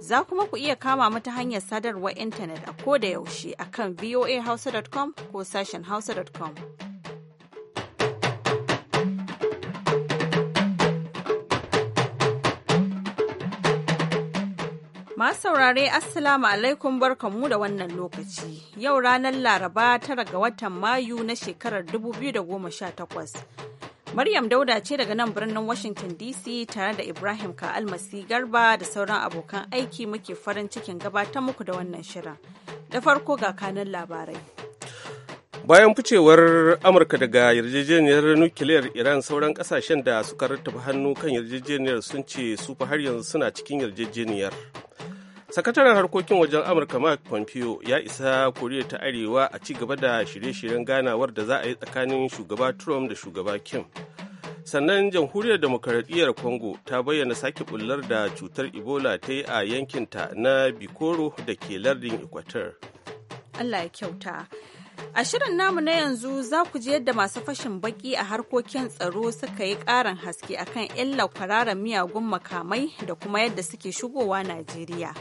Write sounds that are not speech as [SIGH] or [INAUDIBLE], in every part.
Za kuma ku iya kama mu ta hanyar sadarwar intanet a ko da yaushe a kan voahausa.com ko sashen hausa.com. Masu saurare Assalamu alaikum barkanmu da wannan lokaci. Yau ranar Laraba tara ga watan Mayu na shekarar 2018. Maryam Dauda ce daga nan birnin Washington DC tare da Ibrahim Ka'almasi Garba da sauran abokan aiki muke farin cikin gabatar muku da wannan shirin. Da farko ga kanan labarai. Bayan ficewar Amurka daga yarjejeniyar nukiliyar Iran sauran kasashen da suka rattaba hannu kan yarjejeniyar sun ce su fa har yanzu suna cikin yarjejeniyar. sakataren harkokin wajen amurka mark pompeo ya isa koriya ta arewa a ci gaba da shirye-shiryen ganawar da za a yi tsakanin shugaba trump da shugaba kim sannan jamhuriyar demokaradiyyar congo ta bayyana sake bullar da cutar ebola ta yi a yankinta na bikoro da ke lardin equator allah ya kyauta A shirin namu na yanzu za ku ji yadda masu fashin baki a harkokin tsaro suka yi ƙarin haske akan illar kwararan miyagun makamai da kuma yadda suke shigowa Najeriya.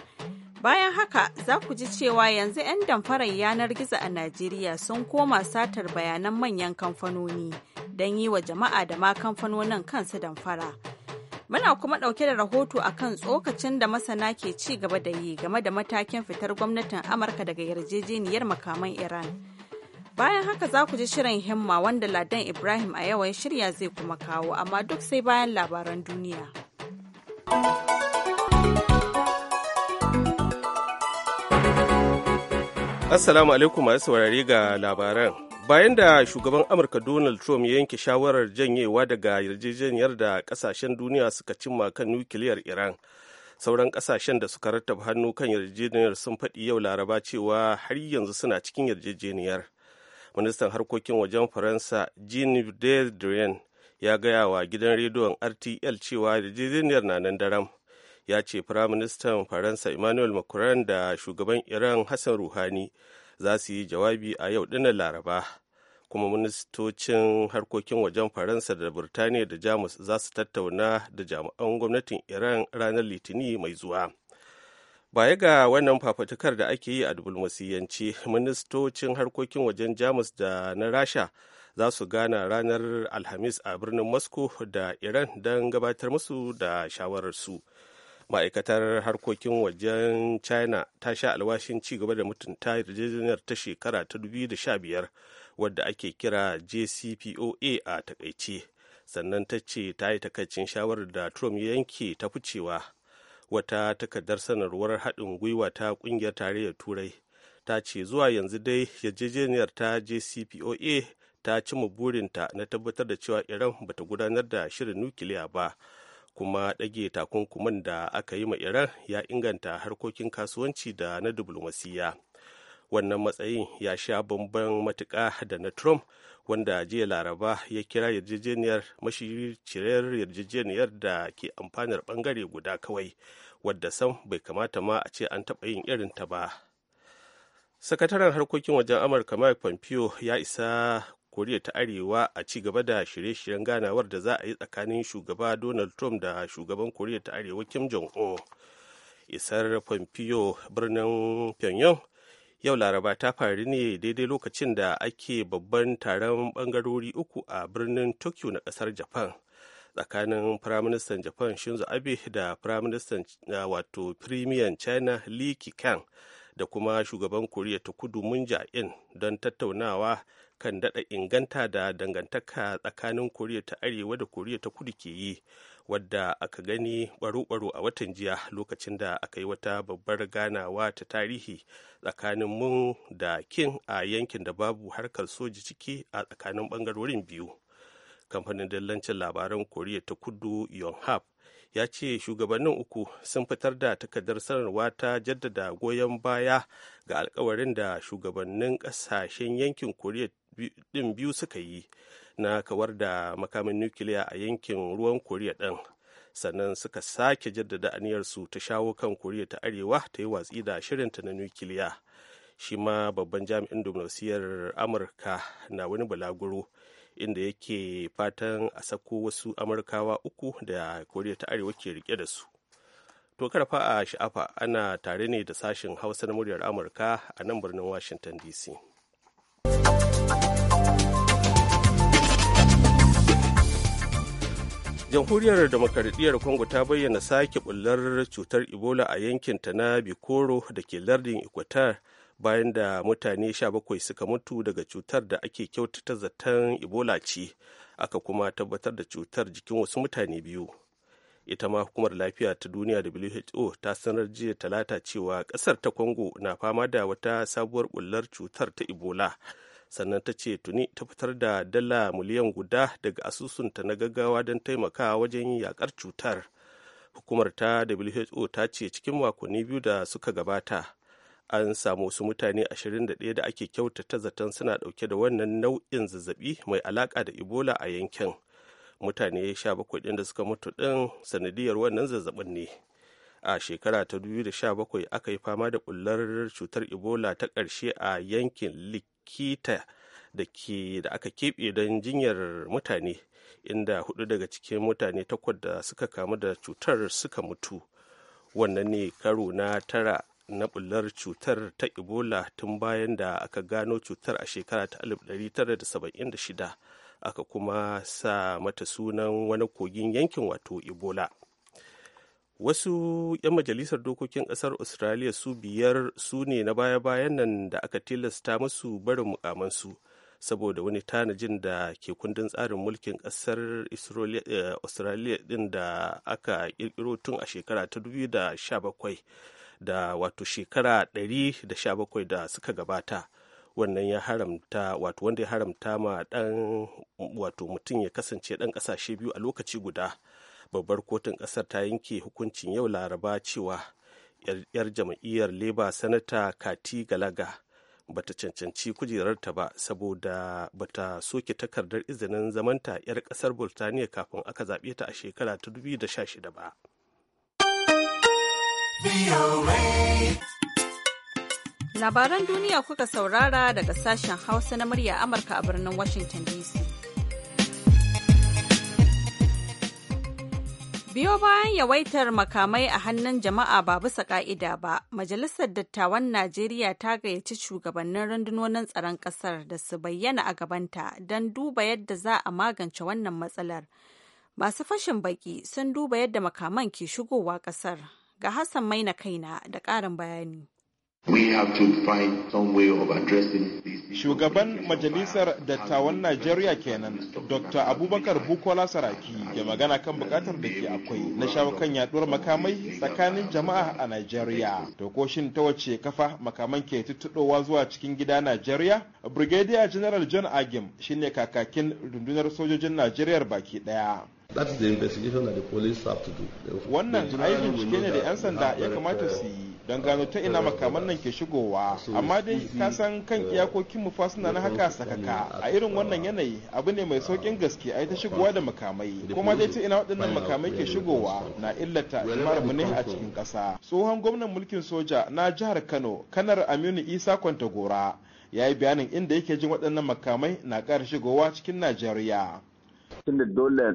Bayan haka za ku ji cewa yanzu 'yan damfarar yanar gizo a Najeriya sun koma satar bayanan manyan kamfanoni don yi wa jama'a da ma kamfanonin kansu damfara. Muna kuma ɗauke da rahoto a kan tsokacin da masana ke ci gaba da yi game da matakin fitar gwamnatin Amurka daga yarjejeniyar makaman Iran. Bayan haka za ku ji shirin himma wanda Ladan Ibrahim a yawan shirya zai kuma kawo, amma duk sai bayan labaran duniya. Assalamu alaikum masu saurari ga labaran. Bayan da shugaban Amurka Donald Trump ya yanke shawarar janyewa daga yarjejeniyar da kasashen duniya suka cimma kan nukiliyar Iran, sauran kasashen da suka rattaba hannu kan yarjejeniyar sun faɗi yau laraba cewa har yanzu suna cikin yarjejeniyar. ministan harkokin wajen faransa jean de drian ya gaya wa gidan rediyon rtl cewa yarjejeniyar na nan daram ya ce firaministan faransa emmanuel macron da shugaban iran hassan ruhani za su yi jawabi a yau dinnan laraba kuma ministocin harkokin wajen faransa da birtaniya da jamus za su tattauna da jami'an gwamnatin iran ranar litini mai zuwa baya ga wannan fafatukar da ake yi a dubulmasiyanci ministocin harkokin wajen jamus da na rasha za su gana ranar alhamis a birnin moscow da iran don gabatar musu da shawararsu ma'aikatar harkokin wajen china ta sha alwashin ci gaba da mutunta yarjejeniyar ta shekara ta 2015 wadda ake kira jcpoa a takaice sannan ta ce ta yi takaicin shawarar da trump yanke ta ficewa wata takardar sanarwar haɗin gwiwa ta ƙungiyar tarayyar turai ta ce zuwa yanzu dai yarjejeniyar ta jcpoa ta cima burinta na tabbatar da cewa iran bata gudanar da shirin nukiliya ba kuma ɗage takunkuman da aka yi ma iran ya inganta harkokin kasuwanci da na diflomasiyya wannan matsayin ya sha bamban matuka da na trump wanda jiya laraba ya kira yarjejeniyar mashirciyar yarjejeniyar da ke amfanar bangare guda kawai wadda sam bai kamata ma a ce an taɓa yin irin ta ba sakataren harkokin wajen amurka mike pompeo ya isa koriya ta arewa a ci gaba da shirye-shiryen ganawar da za a yi tsakanin shugaba donald trump da shugaban koriya ta arewa kim jong-un isar pompeo birnin pyongyang yau laraba ta faru ne daidai lokacin da ake babban taron bangarori uku a birnin tokyo na kasar japan tsakanin firaministan japan shinzo abe da firaministan ah, wato premier china li keqiang da kuma shugaban koriya ta kudu mun in don tattaunawa kan dada inganta da dangantaka tsakanin koriya ta arewa da koriya ta kudu ke yi wadda aka gani baro-baro a watan jiya lokacin da aka yi wata babbar ganawa ta tarihi tsakanin mun da kin a yankin da babu harkar soji ciki a tsakanin bangarorin biyu kamfanin dillancin labaran koriya ta kudu yonhap ya ce shugabannin uku sun fitar da takardar sanarwa ta jaddada goyon baya ga alkawarin da shugabannin kasashen yankin koriya din biyu suka yi na kawar da makamin nukiliya a yankin ruwan koriya ɗin sannan suka sake jaddada aniyarsu ta shawo kan koriya ta arewa ta yi watsi da shirinta na nukiliya shi ma babban jami'in diplomasiyar amurka na wani balaguro inda yake fatan a sako wasu amurkawa uku da koriya ta arewa ke rike da su to karfa a sha'afa ana tare ne da sashen hausa na muryar amurka a nan birnin washington dc jamhuriyar demokaradiyyar congo ta bayyana sake bullar cutar ebola a yankinta na bikoro da ke lardin equator bayan da mutane 17 suka mutu daga cutar da ake kyautata zaton ebola ce aka kuma tabbatar da cutar jikin wasu mutane biyu ita ma hukumar lafiya ta duniya who ta sanar jiya talata cewa kasar ta congo na fama da wata sabuwar bullar cutar ta ebola sannan ta ce tuni ta fitar da dala miliyan guda daga asusunta na gaggawa don taimakawa wajen yakar cutar hukumar ta who ta ce cikin makonni biyu da suka gabata an samu wasu mutane 21 da ake kyautata zaton suna dauke da wannan nau'in zazzabi mai alaka da ebola a yankin mutane 17 ɗin da suka mutu ɗin sanadiyar wannan zazzabin ne a shekara ta 2017 aka yi fama da bullar cutar ebola ta ƙarshe a yankin kita da ke da aka keɓe don jinyar mutane inda hudu daga cikin mutane takwas da suka kamu da cutar suka mutu wannan ne karo na tara na bullar cutar ta ebola tun bayan da aka gano cutar a shekara ta 1976 aka kuma sa mata sunan wani kogin yankin wato ebola wasu 'yan majalisar dokokin kasar australia su biyar su ne na baya-bayan nan da aka tilasta masu barin mukamansu saboda wani tanajin da ke kundin tsarin mulkin kasar australia din eh, da aka kirkiro tun a shekara ta 2017 da wato shekara 117 da suka gabata wannan ya haramta wato wanda ya haramta ma dan wato mutum ya kasance dan kasashe biyu a lokaci guda babbar kotun kasar ta yanke hukuncin yau laraba cewa yar jam'iyyar leba sanata kati galaga ba ta cancanci kujerarta ba saboda ba ta soke takardar izinin zamanta 'yar kasar burtaniya kafin aka zaɓe ta a shekara ta da shida ba. Labaran duniya kuka saurara daga sashen Hausa na murya Amurka a birnin Washington DC. biyo bayan yawaitar makamai a hannun jama'a ba bisa ka'ida ba majalisar dattawan najeriya ta gayyaci shugabannin rundunonin tsaron kasar da su bayyana a gabanta don duba yadda za a magance wannan matsalar masu fashin baki sun duba yadda makaman ke shigowa kasar ga hassan maina kaina da ƙarin bayani Shugaban Majalisar Dattawan Najeriya kenan, Dr. Abubakar Bukola Saraki ke magana kan bukatar da ke akwai na shawo kan yaduwar makamai tsakanin jama'a a Najeriya. To ta wace kafa makaman ke tuttuɗowa zuwa cikin gida Najeriya? Brigadier General John Agim shine kakakin rundunar sojojin Najeriya baki ɗaya. Wannan ai bincike ne da 'yan sanda ya kamata su yi don gano ta ina makaman nan ke shigowa amma dai ka san kan iyakokin mu fasuna na haka sakaka a irin wannan yanayi abu ne mai saukin ah. gaske ai ta shigowa da makamai kuma dai ta ina waɗannan makamai ke shigowa na illata jama'ar mu ne a cikin ƙasa tsohon gwamnan mulkin soja na jihar Kano kanar Aminu Isa Kwantagora ya yi bayanin inda yake jin waɗannan makamai na ƙara shigowa cikin Najeriya tunda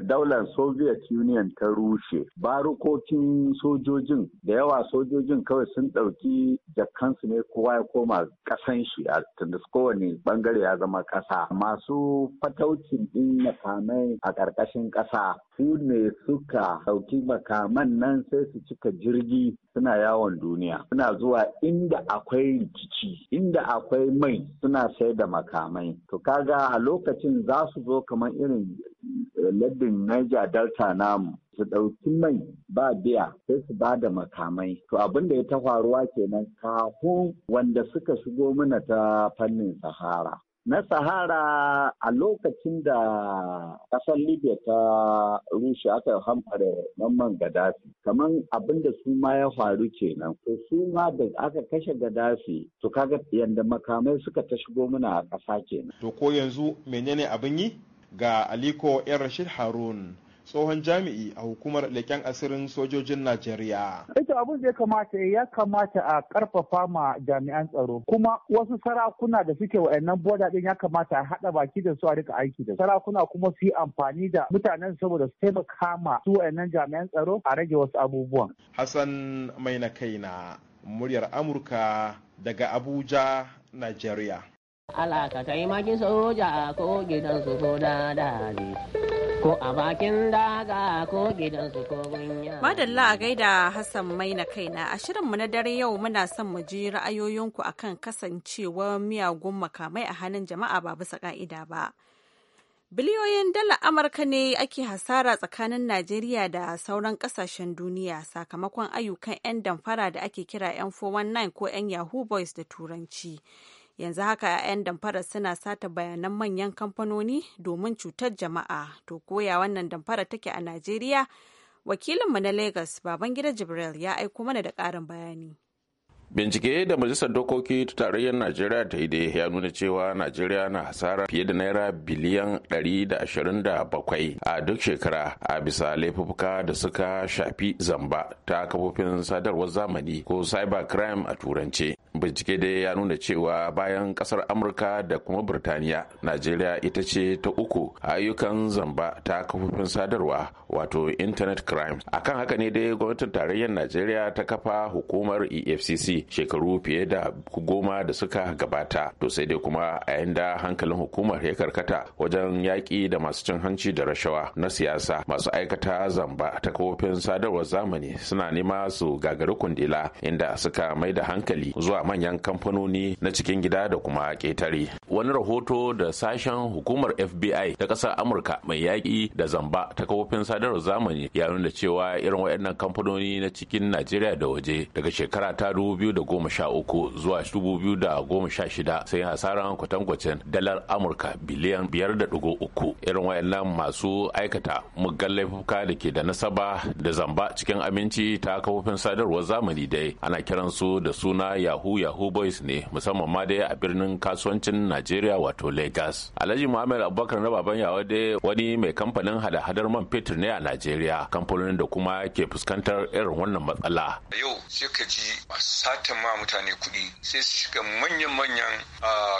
daular soviet union ta rushe barukokin sojojin da yawa sojojin kawai sun ɗauki jakansu ne kowa ya koma ƙasan shi a tunda kowane bangare ya zama ƙasa masu fataucin ɗin makamai a ƙarƙashin ƙasa su ne suka ɗauki makaman nan sai su cika jirgi suna yawon duniya suna zuwa inda akwai rikici inda akwai mai suna sai da makamai to kaga a lokacin za su zo kamar irin lardin Niger Delta namu su ɗauki mai ba biya sai su ba da makamai. To abin da ya ta faruwa kenan kafin wanda suka shigo mana ta fannin Sahara. Na Sahara a lokacin da ƙasar Libya ta rushe aka hamfare mamman Gaddafi, kamar abin da su ma ya faru kenan. ko su ma da aka kashe Gaddafi, to kaga yadda makamai suka ta shigo mana a ƙasa kenan. To ko yanzu menene abin yi? ga aliko yan rashid harun tsohon jami'i a hukumar leken asirin sojojin Najeriya. Ita abin da ya kamata ya kamata a karfafa ma jami'an tsaro kuma wasu sarakuna da suke wa'annan boda din ya kamata a haɗa baki da su a rika aiki da sarakuna kuma su yi amfani da mutanen saboda su taimaka ma su wa'annan jami'an tsaro a rage wasu abubuwan. Hassan mai na kai na muryar Amurka daga Abuja, Najeriya. Allah ka taimakin soja ko gidansu ko ko a bakin daga ko gidansu ko gunya. Madalla a gaida Hassan mai na kaina a shirinmu na dare yau muna son mu ji ra'ayoyinku kan kasancewar miyagun makamai a hannun jama'a ba bisa ka'ida ba. Biliyoyin dala Amurka ne ake hasara tsakanin Najeriya da sauran kasashen duniya sakamakon ayyukan 'yan damfara da ake kira 'yan 419 ko 'yan Yahoo Boys da Turanci. yanzu haka 'ya'yan damfarar suna sata bayanan manyan kamfanoni domin cutar jama'a to koya wannan damfara take a najeriya wakilinmu na lagos babangida jibril ya aiko mana da ƙarin bayani bincike da majalisar dokoki ta tarayyar najeriya ta yi dai ya nuna cewa najeriya na hasara fiye da naira biliyan 127 a duk shekara a bisa laifuka da suka shafi zamba ta kafofin sadarwar zamani ko cybercrime a turance bincike dai ya nuna cewa bayan kasar amurka da kuma birtaniya najeriya ita ce ta uku ayyukan zamba ta kafofin sadarwa wato internet crime akan haka ne dai gwamnatin tarayyar najeriya ta kafa hukumar efcc shekaru fiye da goma da suka gabata to sai dai kuma a yayin da hankalin hukumar ya karkata wajen yaƙi da masu cin hanci da rashawa na siyasa masu aikata zamba ta kafofin sadarwar zamani suna nema su gagari kundila inda suka mai da hankali zuwa manyan kamfanoni na cikin gida da kuma ketare wani rahoto da sashen hukumar fbi ta ƙasar amurka mai yaƙi da zamba ta kafofin sadarwar zamani ya nuna cewa irin waɗannan kamfanoni na cikin najeriya da waje daga shekara ta 2013 zuwa 2016 sai hasaran kwatankwacin dalar amurka biliyan biyar da 5.3 irin waɗannan masu aikata muggan laifuka da ke da nasaba da zamba cikin aminci ta kafofin sadarwar zamani dai ana kiransu da suna yahoo yahoo boys ne musamman ma dai a birnin kasuwancin najeriya wato lagos alhaji muhammad abubakar na baban yawa dai wani mai kamfanin hada-hadar man fetur ne a najeriya kamfanonin da kuma ke fuskantar irin wannan matsala yau sai ka ji masu satan ma mutane kuɗi sai su shiga manyan-manyan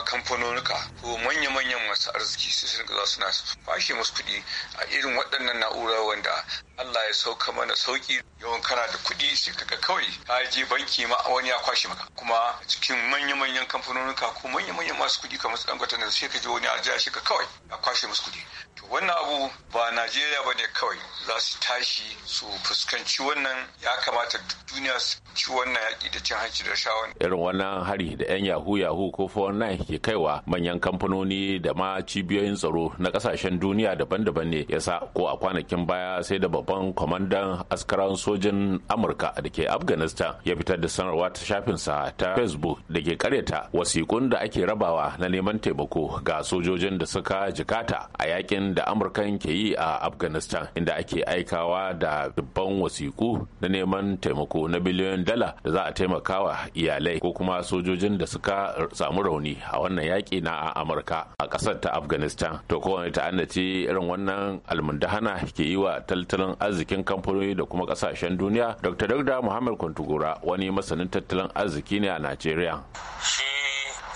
kamfanonuka ko manya-manyan masu arziki sai su ga suna fashe musu kuɗi a irin waɗannan na'ura wanda Allah ya sauka mana sauki yawan kana da kuɗi sai kaga kawai ka je banki ma wani ya kwashe maka kuma cikin manya-manyan kamfanonin ko manya-manyan masu kuɗi kamar su dangote nan sai ka je wani ajiya shi ka kawai ya kwashe musu kuɗi to wannan abu ba Najeriya ba ne kawai za su tashi su fuskanci wannan ya kamata duniya su ci wannan yaƙi da cin hanci da shawon irin wannan hari da 'yan yahu yahu ko 419 ke kaiwa manyan kamfanoni da ma cibiyoyin tsaro na ƙasashen duniya daban-daban ne yasa ko a kwanakin baya sai da babban kwamandan askaran sojin amurka da ke afghanistan ya fitar da sanarwa ta shafinsa ta facebook da ke karyata wasikun da ake rabawa na neman taimako ga sojojin da suka jikata a yakin da amurkan ke yi a afghanistan inda ake aikawa da dubban wasiku na neman taimako na biliyon dala da za a taimakawa iyalai ko kuma sojojin da suka samu rauni a wannan yaki na amurka a ƙasar ta afghanistan to kowane ta'annaci irin wannan almundahana ke yi wa tattalin arzikin kamfanoni da kuma kasashen duniya dr dagda muhammad kwantugura wani masanin tattalin arziki ne a najeriya shi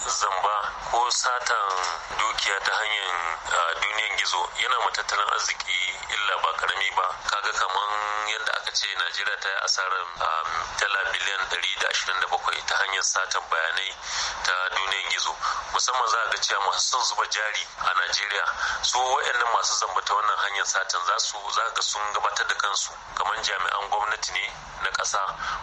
zamba ko satan dukiya ta hanyar ah, duniyan gizo yana ma tattalin arziki illa ba karami ba kaga kaman yadda aka ce najeriya ta yi asarar um, dala biliyan 127 ta hanyar satan bayanai ta duniyar gizo musamman za a ga cewa masu son zuba jari a najeriya su waɗannan masu zambata wannan hanyar satan za su za ga sun gabatar da kansu kamar jami'an gwamnati ne na ƙasa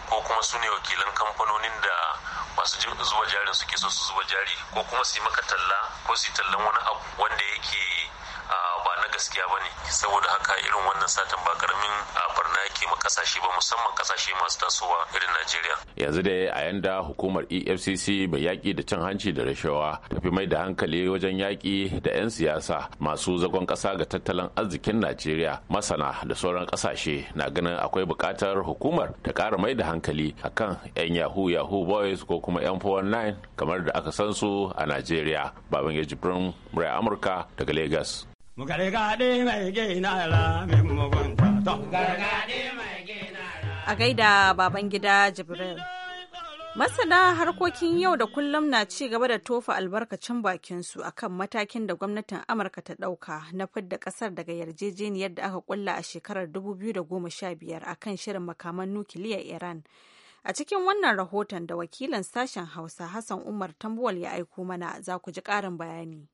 ko kuma su ne wakilan kamfanonin da masu zuba jarin suke so su zuba jari ko kuma su yi maka talla ko su yi tallan wani abu wanda yake na gaskiya ba ne saboda haka irin wannan satin ba karamin a barna yake ma kasashe ba musamman kasashe masu tasowa irin najeriya yanzu dai a yanda hukumar efcc mai yaƙi da cin hanci da rashawa tafi mai da hankali wajen yaƙi da 'yan siyasa masu zagon ƙasa ga tattalin arzikin najeriya masana da sauran ƙasashe na ganin akwai buƙatar hukumar ta ƙara mai da hankali akan 'yan yahoo yahoo boys ko kuma 'yan 419 kamar da aka san su a najeriya baban ya jibrin murai amurka daga lagos A gaida baban gida Jibril. Masana harkokin yau da kullum na ci gaba da tofa albarkacin bakinsu a kan matakin da gwamnatin Amurka ta ɗauka na fidda ƙasar daga yarjejeniyar da aka kulla a shekarar 2015 a kan shirin makaman nukiliyar Iran. A cikin wannan rahoton da wakilan sashen Hausa Hassan Umar Tambuwal ya aiko mana za ku ji ƙarin bayani.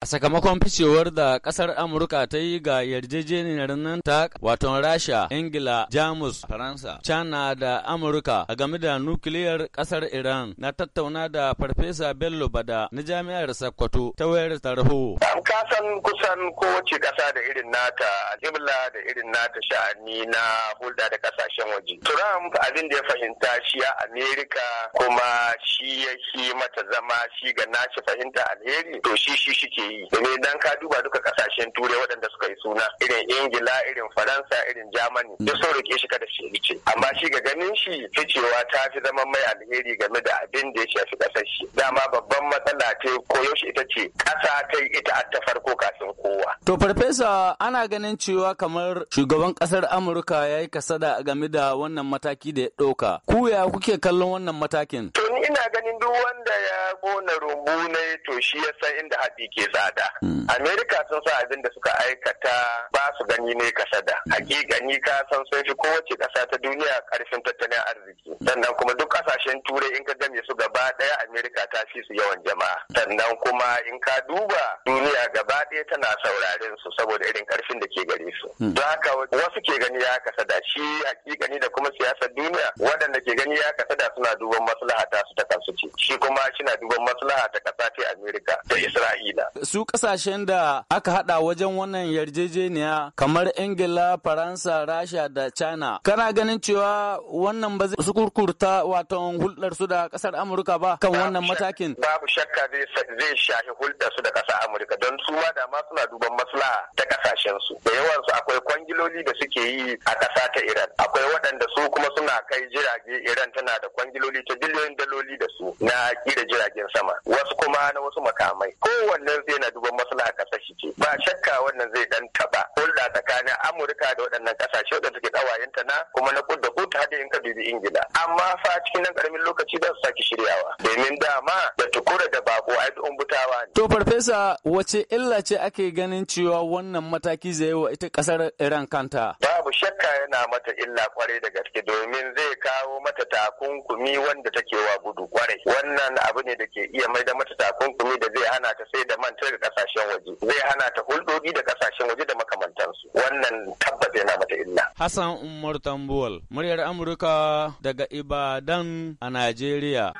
A sakamakon ficewar da ƙasar Amurka ta yi ga yarjejeniyar nan ta waton Rasha, Ingila, Jamus, Faransa, China da Amurka a game da nukiliyar ƙasar Iran na tattauna da Farfesa Bello Bada na Jami'ar Sokoto ta wayar tarho. Ka san kusan kowace ƙasa da irin nata jimla da irin nata sha'ani na hulɗa da ƙasashen waje. Trump abin da ya fahimta shi a Amerika kuma shi ya mata zama shi ga nashi fahimta alheri to shi shi shi ke yi domin idan ka duba duka kasashen turai waɗanda suka yi suna irin ingila irin faransa irin germany duk sun rike shi kada shi ce. amma shi ga ganin shi ficewa ta fi zama mai alheri game da abin da ya shafi ƙasar shi dama babban matsala ta koyaushe ita ce ƙasa ta ita a ta farko kafin kowa. to farfesa ana ganin cewa kamar shugaban ƙasar amurka ya yi kasada game da wannan mataki da ya ɗauka ku ya kuke kallon wannan matakin. to ni ina ganin duk wanda ya gona rumbu ne to shi ya san inda haɗi ke tsada. Hmm. Amerika sun sa abin da suka aikata ba su gani ne kasada. Hmm. Hakikani ka san sun fi kowace kasa ta duniya karfin tattalin arziki. Hmm. Sannan kuma duk kasashen turai in ka game su gaba ɗaya Amerika ta fi su yawan jama'a. Sannan kuma in ka duba duniya gaba ɗaya tana sauraren su saboda irin karfin da ke gare su. Don haka wasu ke gani ya kasada shi hakikani da kuma siyasar duniya waɗanda ke gani ya kasada suna duban maslaha ta su ta kansu ce. Shi kuma shi na duban maslaha ta kasa ta Amerika da Isra'ila. su kasashen da aka hada wajen wannan yarjejeniya kamar ingila faransa rasha da china kana ganin cewa wannan ba su kurkurta waton hulɗar su da kasar amurka ba kan wannan matakin babu shakka zai shahi hulɗar su da kasar amurka don su ma da ma suna duban maslaha ta kasashen su da yawan su akwai kwangiloli da suke yi a ƙasa ta iran akwai waɗanda su kuma suna kai jirage iran tana da kwangiloli ta biliyoyin daloli da su na kira jiragen sama wasu kuma na wasu makamai kowanne zai yana duban maslaha kasar shi ce ba shakka wannan zai dan taba hulɗa tsakanin amurka da waɗannan kasashe da suke ɗawayenta na kuma na kudda ko ta in ka dubi ingila amma fa cikin nan karamin lokaci za su sake shiryawa domin dama da tukura da bako yi umbutawa ne. to farfesa wace illa ce ake ganin cewa wannan mataki zai yi wa ita kasar iran kanta. ba babu shakka yana mata illa kwarai da gaske domin zai kawo mata takunkumi wanda take wa gudu kwarai wannan abu ne da ke iya mai da mata takunkumi da zai hana ta sai da manta da kasashen waje zai hana ta hulɗoɗi da kasashen waje da makamantansu wannan tabbas yana mata illa Hassan Umar Tambuwal muryar Amurka daga Ibadan a Najeriya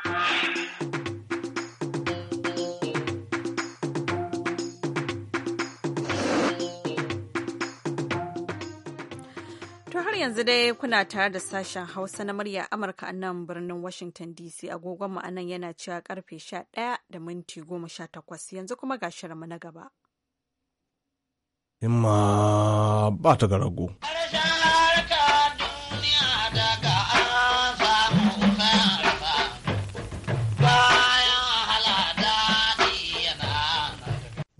yanzu dai kuna tare da sashen Hausa na murya Amurka a nan birnin Washington DC agogon mu anan yana cewa karfe sha 11 da minti goma sha-takwas, yanzu kuma ga shirinmu na gaba. Himma ba ta garago.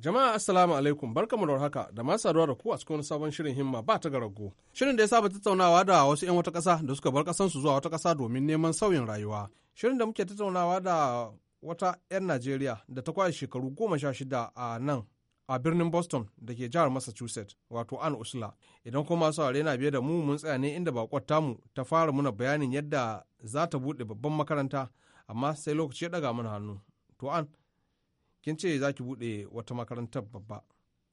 Jama'a assalamu alaikum barkamu da haka da ma saduwa da ku a cikin sabon shirin himma ba ta garago. Shirin da ya saba tattaunawa da wasu 'yan wata ƙasa da suka bar ƙasansu zuwa wata ƙasa domin neman sauyin rayuwa. Shirin da muke tattaunawa da wata 'yan Najeriya da ta kwashe shekaru goma sha shida a nan a birnin Boston da ke jihar Massachusetts wato Ann Usla. Idan kuma saurare na biye da mu mun tsaya ne inda bakwar tamu ta fara muna bayanin yadda za ta buɗe babban makaranta amma sai lokaci ya daga mana hannu. To an kin ce za ki buɗe wata makarantar babba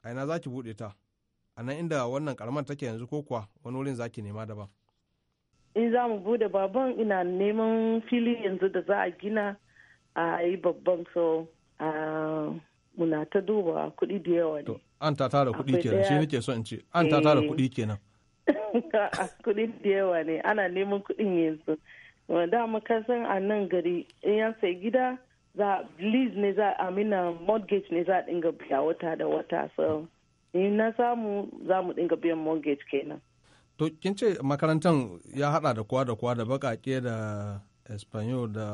a ina za ki buɗe ta a nan inda wannan karamar take yanzu ko kuwa wani wurin za ki nema daban in za mu buɗe baban ina neman fili yanzu da za a gina a yi babban so muna ta duba kuɗi da yawa ne an ta tara kuɗi kenan shi nake so in ce an ta tara eh. kuɗi kenan [LAUGHS] kuɗi da yawa ne ana neman kuɗin yanzu da makasan a nan gari in ya sai gida za lease ne za a mina um, mortgage ne za a dinga biya wata da wata so ni na samu za mu dinga biyan mortgage kenan to kin ce makarantar ya hada da kowa da kowa da bakake da espanyol da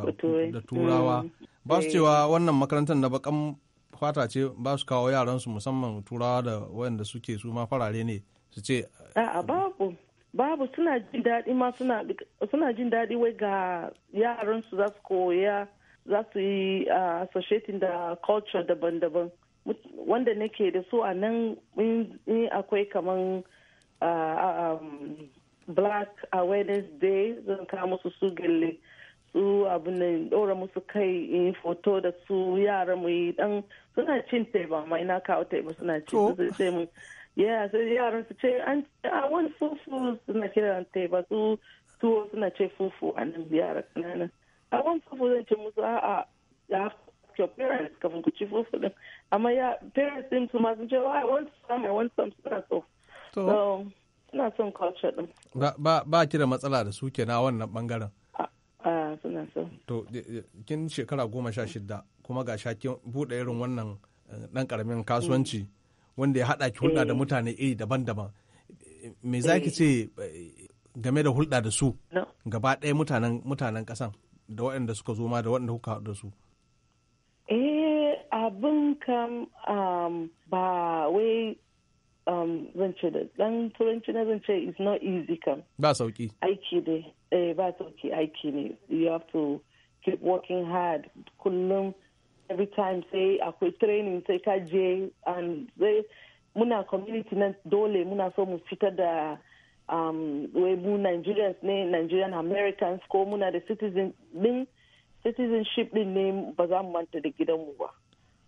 da turawa mm. ba su eh. cewa wannan makarantar na bakan fata ce ba su kawo yaransu musamman turawa da wayanda suke su ma farare ne su ce a babu babu suna jin daɗi ma suna jin daɗi wai ga yaransu za su koya za su yi associating da culture daban-daban wanda nake da su a nan in akwai kaman um, black awareness day zan kawo musu su gelle su abin nan ɗora musu kai in foto da su yara mu yi dan suna cin teba ma ina kawo teba suna cin sai mu yeah yaran su ce an a wani fufu suna kiran teba su tuwo suna ce fufu a nan yara ƙanana a wani sabo zan ce musu a ya your parents kafin ku ci fufu din amma ya parents din su masu sun ce i want some i want some suna so so suna son culture din ba ba ki da matsala da su kenan wannan bangaren ah, ah, to kin shekara goma sha shida kuma ga shakin buɗe irin wannan eh, ɗan ƙaramin kasuwanci wanda ya haɗa ki hulɗa da eh. mutane iri daban-daban me za ki eh. ce game da hulɗa da su gaba ɗaya mutanen ƙasan da waɗanda suka zo ma da waɗanda kuka haɗu da su eh abin kam um, ba wai um, zan ce da ɗan turanci na zan ce is not easy kam ba sauki aiki ne eh ba sauki aiki ne you have to keep working hard kullum every time sai akwai training sai ka je and sai muna community nan dole muna so mu fitar da um, wai mu nigerians ne nigerian americans ko muna da citizen din citizenship din ne ba za mu manta da gidanmu ba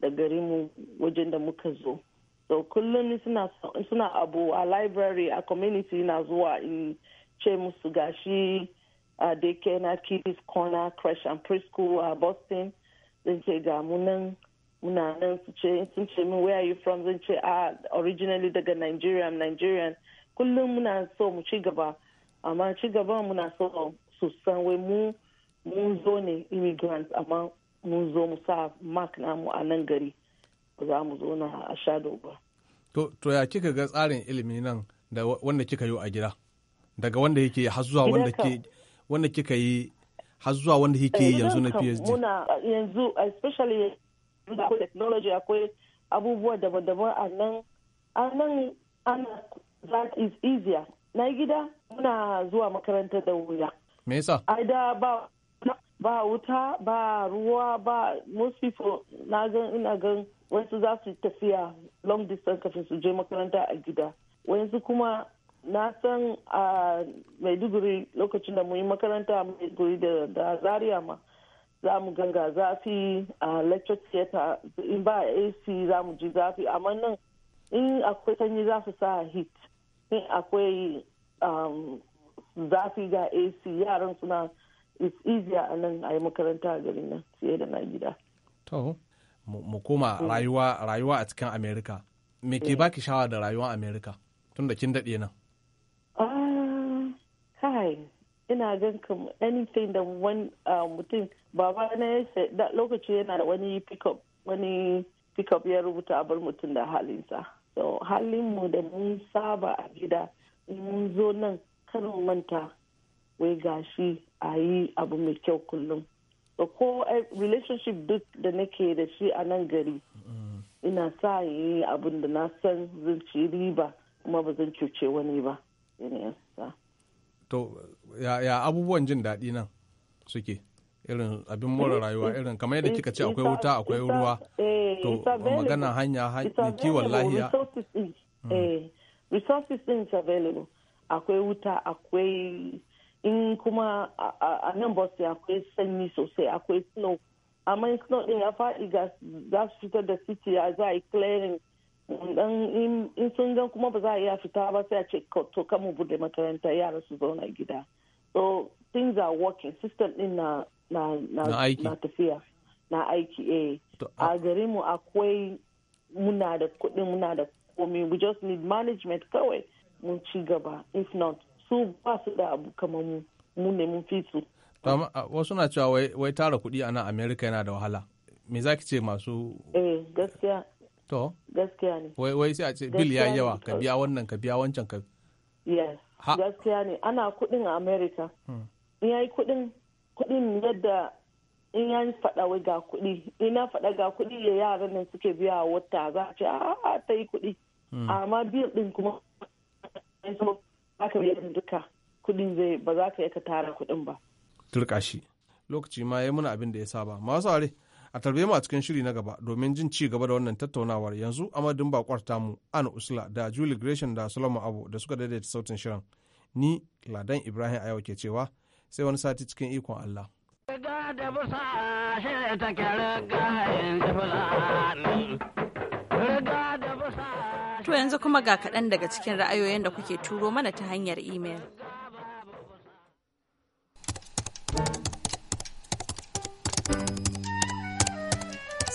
da garinmu wajen da muka zo so kullum suna, suna abu a library a community na zuwa in ce musu gashi a daycare na kids corner crash and preschool a boston zan ce ga munan muna nan sun ce min where are you from zan ce a ah, originally daga nigerian nigerian kullum muna so mu ci gaba amma ci gaba muna so su san wai mu mun zo ne immigrants amma mun zo mu sa mark namu a nan gari ba za mu zo na a shado ba to ya kika ga tsarin ilimi nan da wanda kika yi a gida daga wanda yake har zuwa wanda ke wanda kika yi har zuwa wanda yake yi eh, yanzu na PhD muna yanzu especially da technology akwai abubuwa daban-daban a nan a nan ana that is easier na gida muna zuwa makaranta da wuya me yasa ai da ba ba wuta ba ruwa ba most people na gan ina gan wasu za su tafiya long distance kafin su je makaranta a gida wasu kuma na san a maiduguri lokacin da mu yi makaranta a maiduguri da zaria ma za mu ganga zafi a lecture theater in ba ac za mu ji zafi amma nan in akwai sanyi za su sa heat in akwai um, zafi ga ac yaran suna it's easier a nan a yi makaranta a garin nan fiye da na gida to mu koma mm. rayuwa rayuwa a cikin Amerika me ke mm. baki shawa da rayuwar Amerika tun da kin daɗe nan ah, kai ina gan kam anything da wani uh, mutum baba na ya lokaci yana da wani pick wani ya rubuta a bar mutum da halinsa so halinmu da mun saba a gida mun zo nan karin manta wai gashi a yi abu mai kyau kullum so ko eh, relationship duk da nake da shi a nan gari mm-hmm. ina sa yi abin da na san zan riba kuma ba zan cuce wani ba to ya abubuwan jin daɗi nan suke irin abin more rayuwa irin kamar yadda kika ce akwai wuta akwai ruwa eh, to magana hanya kiwon lahiya resources din mm. eh, is available akwai wuta akwai in kuma a nan boston akwai sanyi sosai akwai snow amma in snow din ya faɗi za su fitar da city ya za a yi clearing dan in sun gan kuma ba za a iya fita ba sai a ce to kan mu bude makaranta yara su zauna gida so things are working system din na na na na tafiya na aiki eh a gare mu akwai muna da kudin muna da komai we just need management kawai mun ci gaba if not su ba su da abu kamar mu mu ne mun fi su wasu na cewa wai tara kuɗi a nan america yana da wahala me za ki ce masu eh gaskiya to gaskiya ne wai wai sai a ce bill ya yawa ka biya wannan ka biya wancan ka yes gaskiya ne ana kuɗin a america hmm. in yayi kuɗin kuɗin yadda in ya faɗa wai ga kuɗi ina faɗa ga kuɗi ya yaran nan suke biya a wata za a ce a ta yi kuɗi hmm. amma biyan ɗin kuma aka ka duka kuɗin zai ba za ka yi ka tara kuɗin ba. turka lokaci ma ya muna abin da ya saba masu are a tarbe ma a cikin shiri na gaba domin jin ci gaba da wannan tattaunawar yanzu amadin bakwar mu ana usula da julie gresham da solomon abu da suka daidaita sautin shirin ni ladan ibrahim a ke cewa sai wani sati cikin ikon Allah. To yanzu kuma ga kaɗan daga cikin ra'ayoyin da kuke turo mana ta hanyar imel.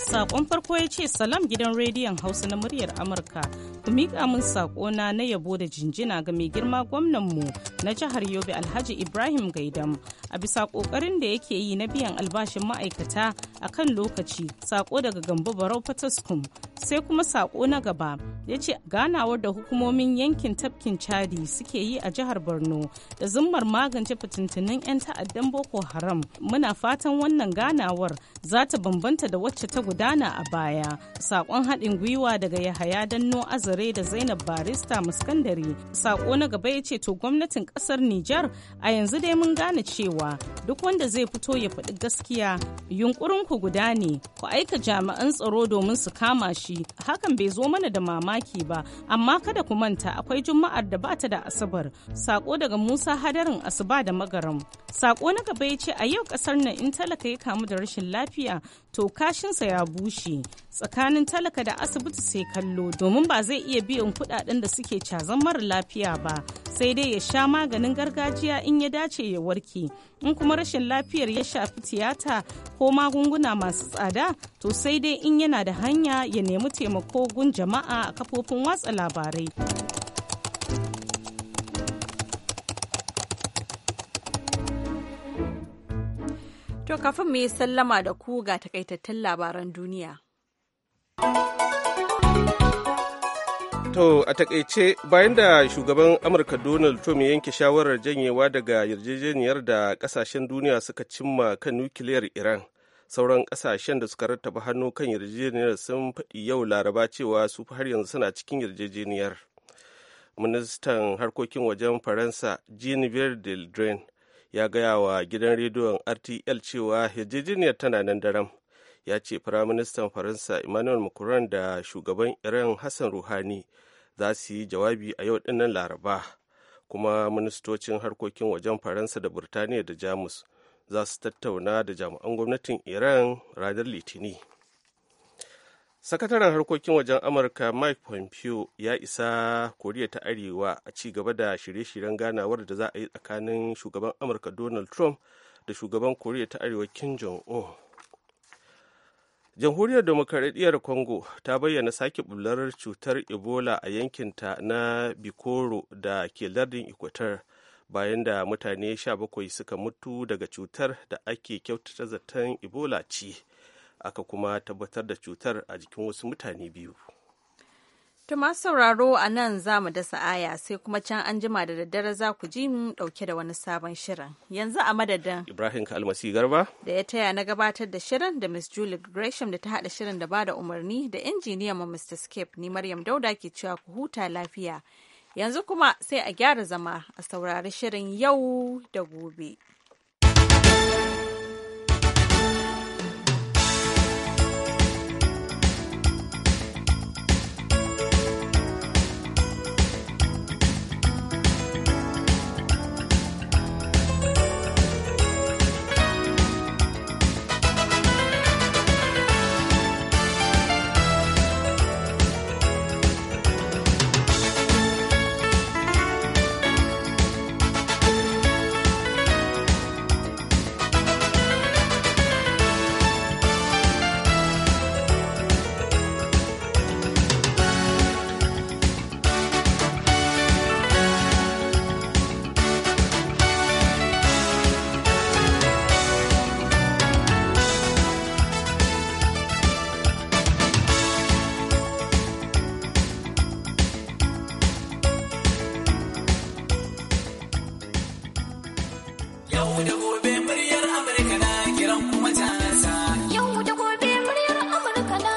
Sakon farko ya ce salam gidan rediyon Hausa na muryar Amurka ku miƙa min saƙona na yabo da jinjina ga mai girma gwamnan mu na jihar Yobe Alhaji Ibrahim Gaidam a bisa ƙoƙarin da yake yi na biyan albashin ma'aikata a kan lokaci saƙo daga Gambo Barau Fataskum sai kuma saƙo na gaba ya ce ganawar da hukumomin yankin tafkin Chadi suke yi a jihar Borno da zummar magance fitintunan 'yan ta'addan Boko Haram muna fatan wannan ganawar za ta bambanta da wacce ta gudana a baya saƙon haɗin gwiwa daga Yahaya Danno azari. Azare da Zainab Barista Muskandare. Sako na gaba ya ce to gwamnatin kasar Nijar a yanzu dai mun gane cewa duk wanda zai fito ya faɗi gaskiya yunkurin ku guda ne ku aika jami'an tsaro domin su kama shi hakan bai zo mana da mamaki ba amma kada ku manta akwai juma'ar da bata da asabar sako daga Musa Hadarin Asuba da Magaram. Sako na gaba ya ce a yau kasar nan in talaka ya kamu da rashin lafiya to kashinsa ya bushe tsakanin talaka da asibiti sai kallo domin ba zai zai iya biyan kudaden da suke cazan mara lafiya ba sai dai ya sha maganin gargajiya in ya dace ya warke in kuma rashin lafiyar ya shafi tiyata ko magunguna masu tsada to sai dai in yana da hanya ya nemi taimako gun jama'a a kafofin watsa labarai To kafin mu yi sallama da ku ga takaitattun labaran duniya. To a takaice bayan da shugaban Amurka Donald Trump yanke shawarar janyewa daga yarjejeniyar da kasashen duniya suka cimma kan nukiliyar Iran, sauran kasashen da suka rattaba hannu kan yarjejeniyar sun faɗi yau laraba cewa su har yanzu suna cikin yarjejeniyar. Ministan harkokin wajen Faransa jean Verdel ya gaya wa gidan rediyon RTL cewa yarjejeniyar tana nan daram. ya ce firaministan faransa emmanuel macron da shugaban iran hassan ruhani za su yi jawabi a yau dinnan laraba kuma ministocin harkokin wajen faransa da burtaniya da jamus za su tattauna da jami'an gwamnatin iran ranar litini sakataren harkokin wajen amurka mike pompeo ya isa koriya ta arewa a ci gaba da shirye-shiryen ganawar da za a yi tsakanin shugaban amurka donald trump da shugaban koriya ta arewa kim jong-un jamhuriyar demokaradiyyar congo ta bayyana sake bular cutar ebola a yankinta na bikoro da ke lardin equator bayan da mutane 17 suka mutu daga cutar da ake kyautata zaton ebola ce aka kuma tabbatar da cutar a jikin wasu mutane biyu To masu sauraro a nan za mu dasa aya sai kuma can an jima da daddare za ku ji mu ɗauke da wani sabon shirin. Yanzu a madadin Ibrahim Kalmasi Garba da ya taya na gabatar da shirin da Miss Julie Gresham da ta haɗa shirin da ba da umarni da injiniya ma Mr. Skip ni Maryam Dauda ke cewa ku huta lafiya. Yanzu kuma sai a gyara zama a saurari shirin yau da gobe.